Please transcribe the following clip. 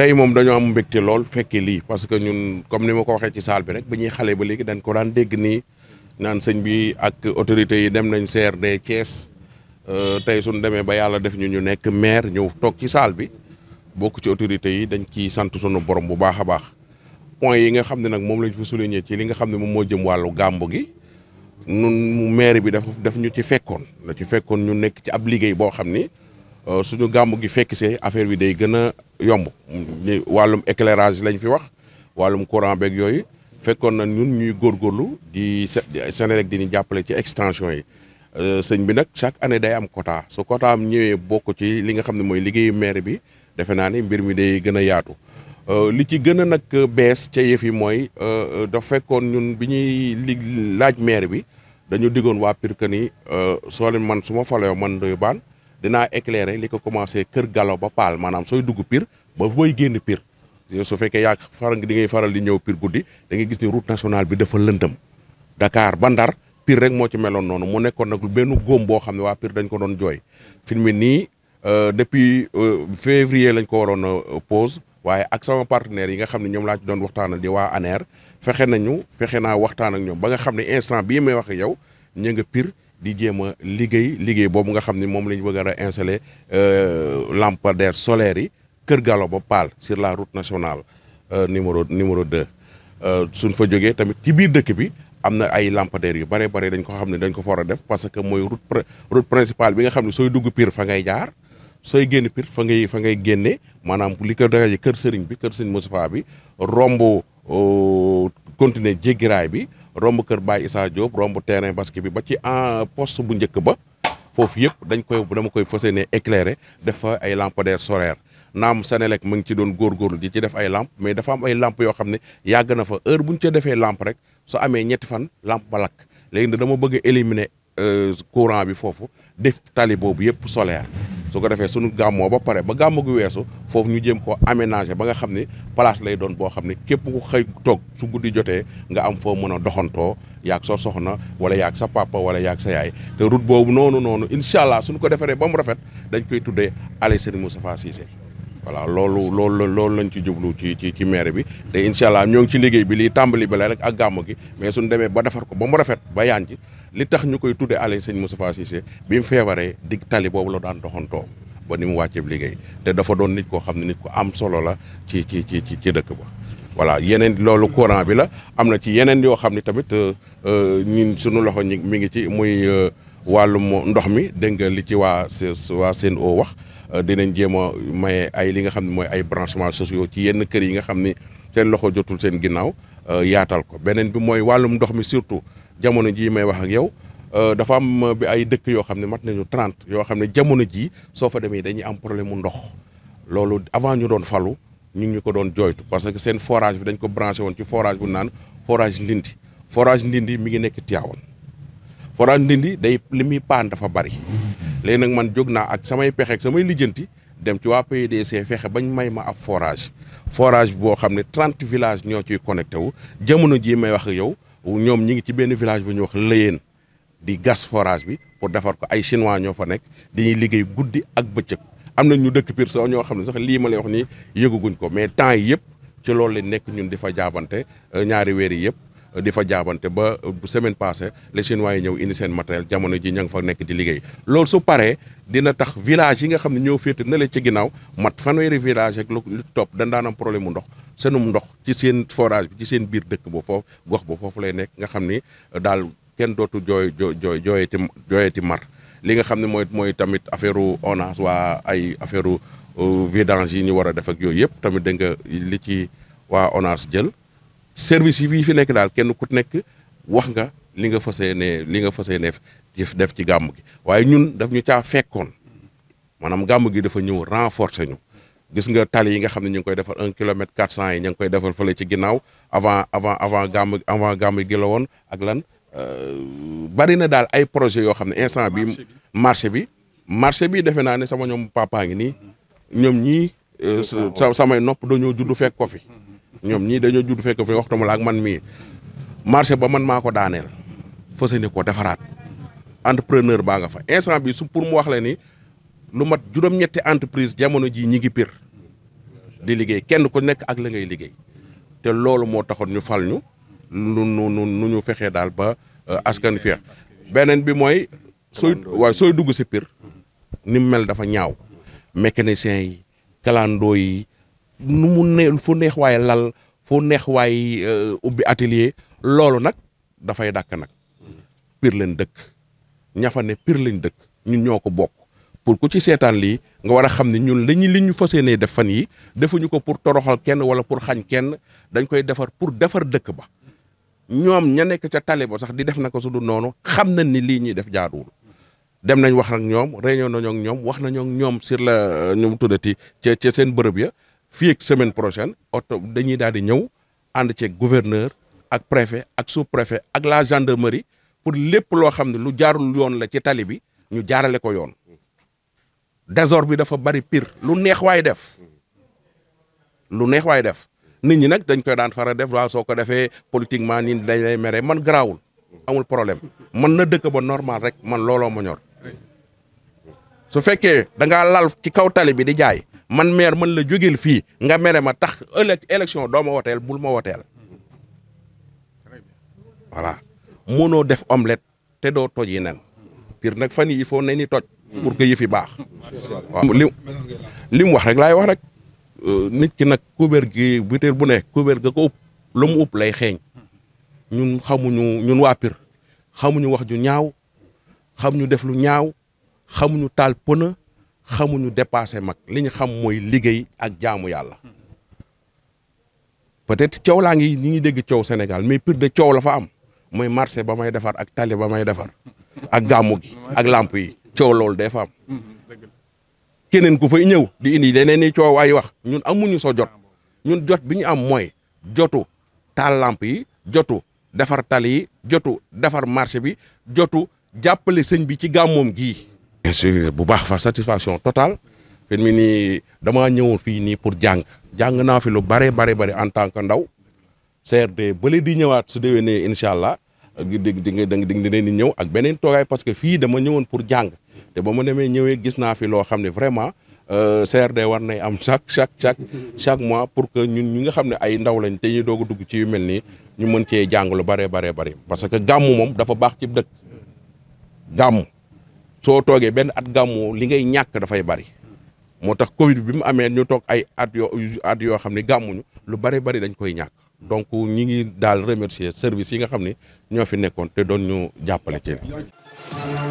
tey moom dañoo am mbégte lool fekkee lii parce que ñun comme ni ma ko waxee ci saal bi rek ba ñuy xale ba léegi dañ ko daan dégg nii naan sëñ bi ak autorités yi dem nañ CRD Thiès euh, tey suñ demee ba yàlla def ñu ñu nekk maire ñëw toog ci saal bi bokk ci autorités yi dañ ciy sant sunu borom bu baax a baax point yi nga xam ne nag moom lañ fa souligné ci li nga xam ne moom moo jëm wàllu gàmb gi nun maire bi daf daf ñu ci fekkoon la ci fekkoon ñu nekk ci ab liggéey boo xam ni Euh, suñu gàmm gi fekk see affaire bi day gën a yomb wàllum éclairage lañ fi wax wàllum courant beeg yooyu fekkoon na ñun ñuy góorgóorlu di Senelec di ñu jàppale ci extension yi euh, sëñ bi nag chaque année day am quota su quota am ñëwee bokk ci li nga xam ne mooy liggéeyu maire bi defe naa ne mbir mi day gën a yaatu euh, li ci gën a nag bees ca yëf yi mooy daf fekkoon ñun bi ñuy li laaj maire bi dañu diggoon waa Pirkani soo leen man su ma faloo man doyu baan dinaa éclairer li ko commencé kër Gallo ba Paal maanaam sooy dugg Pire ba booy génn Pire su fekkee yaa faral di ngay faral di ñëw piir guddi da gis ni route nationale bi dafa lëntam dakaar ba Ndar Pire rek moo ci meloon noonu mu nekkoon nag benn góom boo xam ne waa Pire dañ ko doon jooy fi mu nii euh, depuis euh, février lañ ko waroon euh, pose waaye ak sama partenaire yi nga xam ne ñoom laa ci doon waxtaan di waa ANER fexe nañu fexe naa waxtaan ak ñoom ba nga xam ne instant bii may wax yow ñu nga Pire. di jéem a liggéey liggéey boobu nga xam ni moom la ñu bëgg a installer euh, lampadaire solaire yi Kër galo ba Paal sur la route nationale euh, numéro numéro deux euh, suñ fa jógee tamit ci biir dëkk bi am na ay lampadaires yu bare bare dañ ko xam ne dañ ko fa war a def parce que mooy route principale bi nga xam ne sooy dugg piir fa ngay jaar sooy génn pir fa ngay fa ngay génne maanaam li ko dagaje kër sëriñ bi kër sëriñ Moustapha bi romb continuer jéggiraay bi romb kër Baye Issa Diop romb terrain basket bi ba ci en poste bu njëkk ba foofu yëpp dañ koy dama koy fas yéene éclairer def fa ay lampadaires solaires naam Senelec mu ngi ci doon góorgóorlu di ci def ay làmp mais dafa am ay lampe yoo xam ne yàgg na fa heure bu ñu ca defee làmp rek su amee ñetti fan làmp ba lakk léegi dama bëgg éliminer euh, courant bi foofu def tali boobu yëpp solaire su ko defee suñu gàmmoo ba pare ba gàmmu gu weesu foofu ñu jëm ko aménager ba nga xam ne place lay doon boo xam ne képp ku xëy toog su guddi jotee nga am foo mën a doxantoo yaag soo soxna wala yaag sa papa wala yaag sa yaay te route boobu noonu noonu incha allah suñu ko defaree ba mu rafet dañ koy tuddee allée Serigne Moustapha Cissé voilà loolu loolu loolu lañ ci jublu ci ci ci maire bi te incha allah ñoo ngi ci liggéey bi liy tàmbali ba la rek ak gàmm gi mais suñ demee ba defar ko ba mu rafet ba yaan ci li tax ñu koy tuddee Allé sëñ Moustapha Cissé bi mu feebaree dig tali boobu la daan doxantoo ba ni mu wàccee liggéey te dafa doon nit ko xam ne nit ko am solo la ci ci ci ci ci dëkk ba. voilà yeneen loolu courant bi la am na ci yeneen yoo xam ne tamit euh, euh, ñun suñu loxo ñi mi ngi ci muy. Euh, wàllum ndox mi dégg nga li ci waa waa CNO wax euh, dinañ jéem a maye ay li nga xam ne mooy ay branchements sociaux ci yenn kër yi nga xam ni seen loxo jotul seen ginnaaw euh, yaatal ko beneen bi mooy wàllum ndox mi surtout jamono jii may wax ak yow euh, dafa am bi ay dëkk yoo xam ne mat nañu trente yoo xam ne jamono jii soo fa demee dañuy am problème mu ndox loolu avant ñu doon falu ñu ngi ñu ko doon jooytu parce que seen forage bi dañ ko branché woon ci forage bu naan forage Ndindi forage Ndindi mi ngi nekk Tivaouane forage Ndindi day li muy paan dafa bari léegi nag man jóg naa ak samay pexe samay lijjanti dem ci waa PDC fexe bañ may ma ab forage forage boo xam ne trente village ñoo ci connecté wu jamono jii may wax ak yow ñoom ñi ngi ci benn village bu ñuy wax Leyeen di gas forage bi pour defar ko ay chinois ñoo fa nekk dañuy liggéey guddi ak bëccëg am na ñu dëkk Pire sax ñoo xam ne sax lii ma lay wax nii yëguguñ ko mais temps yi yëpp ci loolu la nekk ñun di fa jaabante ñaari yi yëpp. di fa jaabante ba semaine passée les chinois waaye ñëw indi seen matériel jamono ji ña nga fa nekk di liggéey loolu su paree dina tax village yi nga xam ne ñëw féete na la ci ginnaaw mat fanweeri village ak lu topp dañ daan am problème mu ndox seenum ndox ci seen forage bi ci seen biir dëkk ba foofu gox bo foofu lay nekk nga xam ni daal kenn dootu jooy jooy jooyeti jooyeti mar li nga xam ne mooy mooy tamit affaire u ONAS waa ay affaire u euh, vidange yi ñu war a def ak yooyu yëpp tamit da nga li ci waa ONAS jël service yi fi nekk daal kenn ku nekk wax nga li nga fas yéenee li nga fas yéenee def ci gàmm gi waaye ñun daf ñu caa fekkoon maanaam gàmm gi dafa ñëw renforcer ñu. gis nga tali yi nga xam ne ñu ngi koy defar un kilomètre quatre cent yi ñu ngi koy defar fële ci ginnaaw avant avant avant gàmm avant gàmm gi woon ak lan euh, bari na daal ay projet yoo xam ne instant bi marché bi marché bi defe naa ne sama ñoom papa ngi nii ñoom ñii euh, samay nopp dañoo juddu fekk ko fi mm-hmm. ñoom ñii dañoo judd fekk fi waxtu mu la ak man mii marché ba man maa ko daaneel fas yéene ko defaraat entrepreneur baa nga fa instant bi su pour mu wax la ni lu mat juróom-ñetti entreprise jamono jii ñi ngi piir di liggéey kenn ku nekk ak la ngay liggéey te loolu moo taxoon ñu fal ñu nu ñu fexee daal ba euh, askan feex beneen bi mooy sooy sooy dugg si pir ni mu mel dafa ñaaw mécanicien yi kalandoo yi nu mu ne fu neex waay lal fu neex waay euh, ubbi atelier loolu nag dafay dàkk nag piir lañ dëkk ña fa ne Pire lañ dëkk ñun ñoo ko bokk pour ku ci seetaan lii nga war a xam ne ñun lañu li ñu fa yéenee def fan yi defuñu ko pour toroxal kenn wala pour xañ kenn dañ koy defar pour defar dëkk ba ñoom ña nekk ca tali sax di def na ko su noonu xam nañ ni lii ñuy def jaaduwul dem nañ wax ak ñoom réunion nañoo ñoom wax nañoo ñoom sur la ñu euh, tuddati ca ca seen bërëb ya fii semaine prochaine oto dañuy daal di ñëw ànd ceeg gouverneur ak préfet ak sous préfet ak la gendarmerie pour lépp loo xam ne lu jaarul yoon la ci tali bi ñu jaarale ko yoon désordre bi dafa bari piir lu neex waay def lu neex waay def nit ñi nag dañ koy daan fara def waaw soo ko defee politiquement nii dañ lay mere man garaawul amul problème man na dëkk ba normal rek man looloo ma ñor su fekkee da ngaa ci kaw tali bi di jaay man maire mën la jógel fii nga mere ma tax ëllëg élection doo ma woteel bul ma woteel voilà mënoo def omelette te doo toj yi nen pire nag fan yi il faut ne ni toj pour que yëf yi baax waaw li wax rek laay wax rek euh, nit ki nag kubéer gi butéel bu ne kubéer ga ko upp lu mu upp lay xeeñ ñun xamuñu ñun waa Pire xamuñu wax ju ñaaw xam ñu def lu ñaaw xamuñu taal pëna xamuñu dépassé mag li ñu xam mooy liggéey ak jaamu yàlla peut-être coow laa ngi ñu ngi dégg coow Sénégal mais pire de coow la fa am mooy marché ba may defar ak tali ba may defar ak gàmmu gi ak làmp yi coow loolu day fa am keneen ku fay ñëw di indi leneen ni coow ay wax ñun amuñu soo jot ñun jot bi ñu am mooy jotu taal làmp yi jotu defar tali yi jotu defar marché bi jotu jàppale sëñ bi ci gàmmoom gii bu baax fa satisfaction totale fi mu nii damaa ñëwoon fii nii pour jàng jàng naa fi lu bare bare bare en tant que ndaw CRD bële di ñëwaat su déwénee incha allah di di nga di di ñëw ak beneen toogaay parce que fii dama ñëwoon pour jàng te ba mu demee ñëwee gis naa fi loo xam ne vraiment euh, CRD war nay am chaque chaque chaque chaque mois pour que ñun ñi nga xam ne ay ndaw lañ te ñu doog a dugg ci yu mel nii ñu mën cee jàng lu bare bare bare parce que gàmm moom dafa baax ci dëkk soo toogee benn at gàmmu li ngay ñàkk dafay bari moo tax Covid bi mu amee ñu toog ay at yoo xam ne gàmmuñu lu bari bari dañ koy ñàkk donc ñi ngi daal remercier service yi nga xam ni ñoo fi nekkoon te doon ñu jàppale ci